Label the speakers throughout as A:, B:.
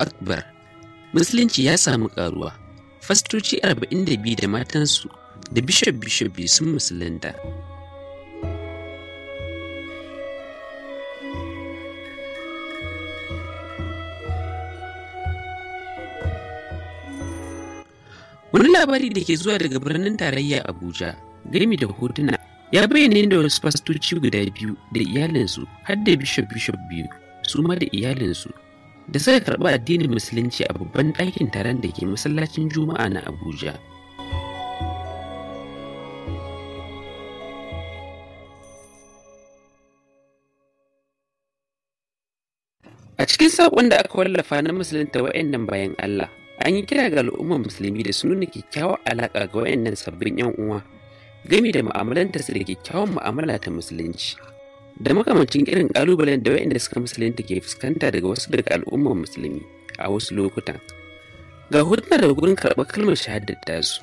A: Akbar. Musulunci ya samu karuwa. Fastoci 42 da matansu da bishop-bishop sun musulunta. Wani labari da ke zuwa daga birnin tarayya Abuja, gami da hotuna, ya bayyana da wasu fastoci guda biyu da iyalinsu har da bishop-bishop biyu, suma da iyalinsu da suka karɓi addinin musulunci a babban ɗakin taron da ke masallacin juma'a na abuja a cikin saƙon da aka wallafa na musulunta wa'annan bayan allah an yi kira ga al'ummar musulmi da su nuna kyakkyawar alaƙa ga wa'annan sabbin 'yan uwa gami da mu'amalantarsu da kyakkyawan mu'amala ta musulunci da makamancin irin kalubalen da wayanda suka musulunta ke fuskanta daga wasu daga al'ummar musulmi a wasu lokutan ga hudunar da gurin karɓar kalmar shahadar tasu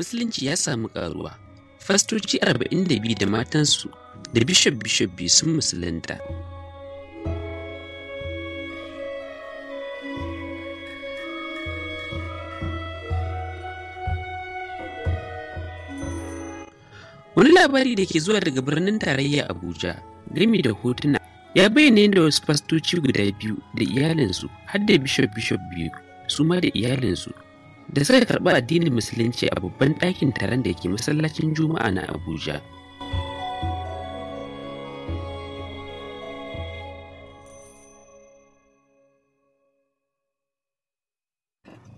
A: musulunci ya samu karuwa fastoci 42 da matansu da bishop bishop biyu sun musulunta wani labari da ke zuwa daga birnin tarayya abuja gami da hotuna ya bayyana da wasu fastoci guda biyu da iyalinsu har da bishop bishop biyu suma da iyalinsu da suka karɓi addinin musulunci a babban ɗakin taron da ke masallacin juma'a na abuja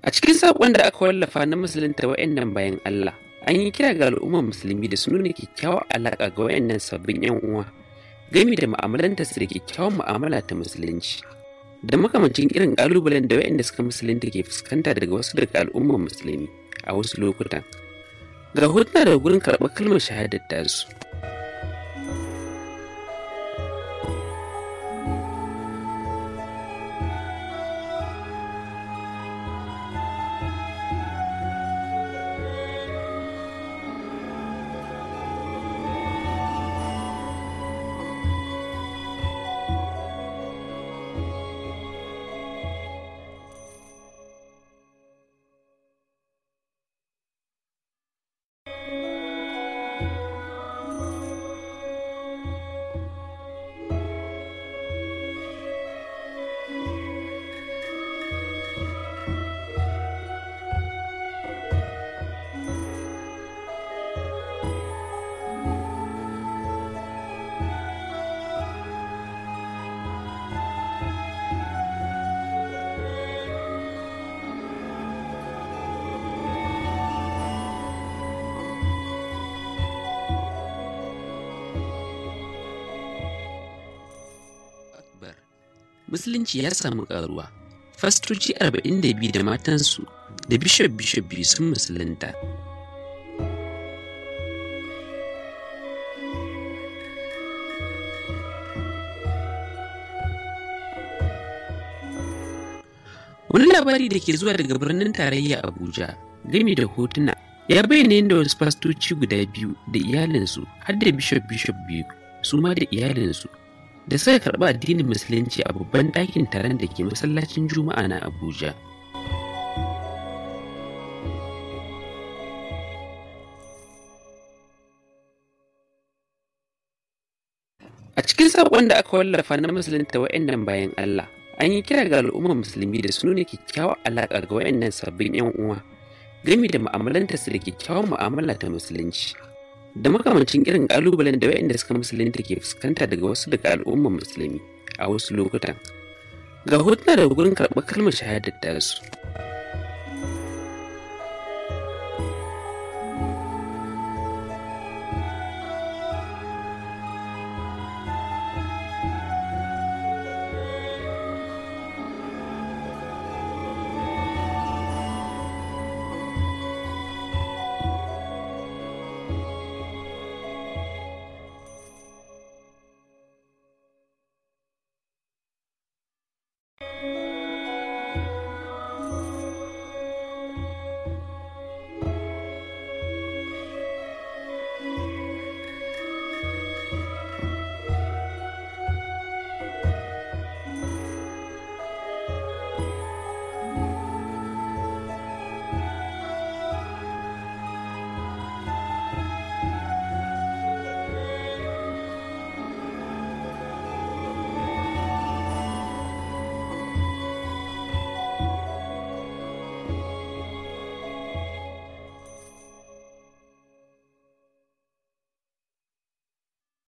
A: a cikin saƙon da aka wallafa na musulunta wa'annan bayan allah an yi kira ga al'ummar musulmi da su nuna kyakkyawar alaƙa ga wa'annan sabbin 'yan uwa gami da mu'amalanta su da kyakkyawar mu'amala ta musulunci da makamancin irin ƙalubalen da waɗanda suka musulunta ke fuskanta daga wasu daga al'ummar musulmi a wasu lokutan ga hotuna daga gurin karɓar kalmar shahadar tasu musulunci ya samu karuwa fastoci 42 da matansu da bishop bishop biyu sun musulunta wani labari da ke zuwa daga birnin tarayya abuja gami da hotuna ya bayyana yadda wasu fastoci guda biyu da iyalinsu har da bishop bishop biyu su ma da iyalinsu da suka karɓi addinin musulunci a babban ɗakin taron da ke masallacin juma'a na abuja a cikin saƙon da aka wallafa na musulunta wa'annan bayan allah an yi kira ga al'ummar musulmi da su nuna kyakkyawar alaƙa ga wa'annan sabbin 'yan uwa gami da mu'amalantarsu da kyakkyawar mu'amala ta musulunci da makamancin irin kalubalen da wayanda suka musulunta ke fuskanta daga wasu daga al'ummar musulmi a wasu lokutan ga hotuna daga gurin karɓar kalmar shahadar tasu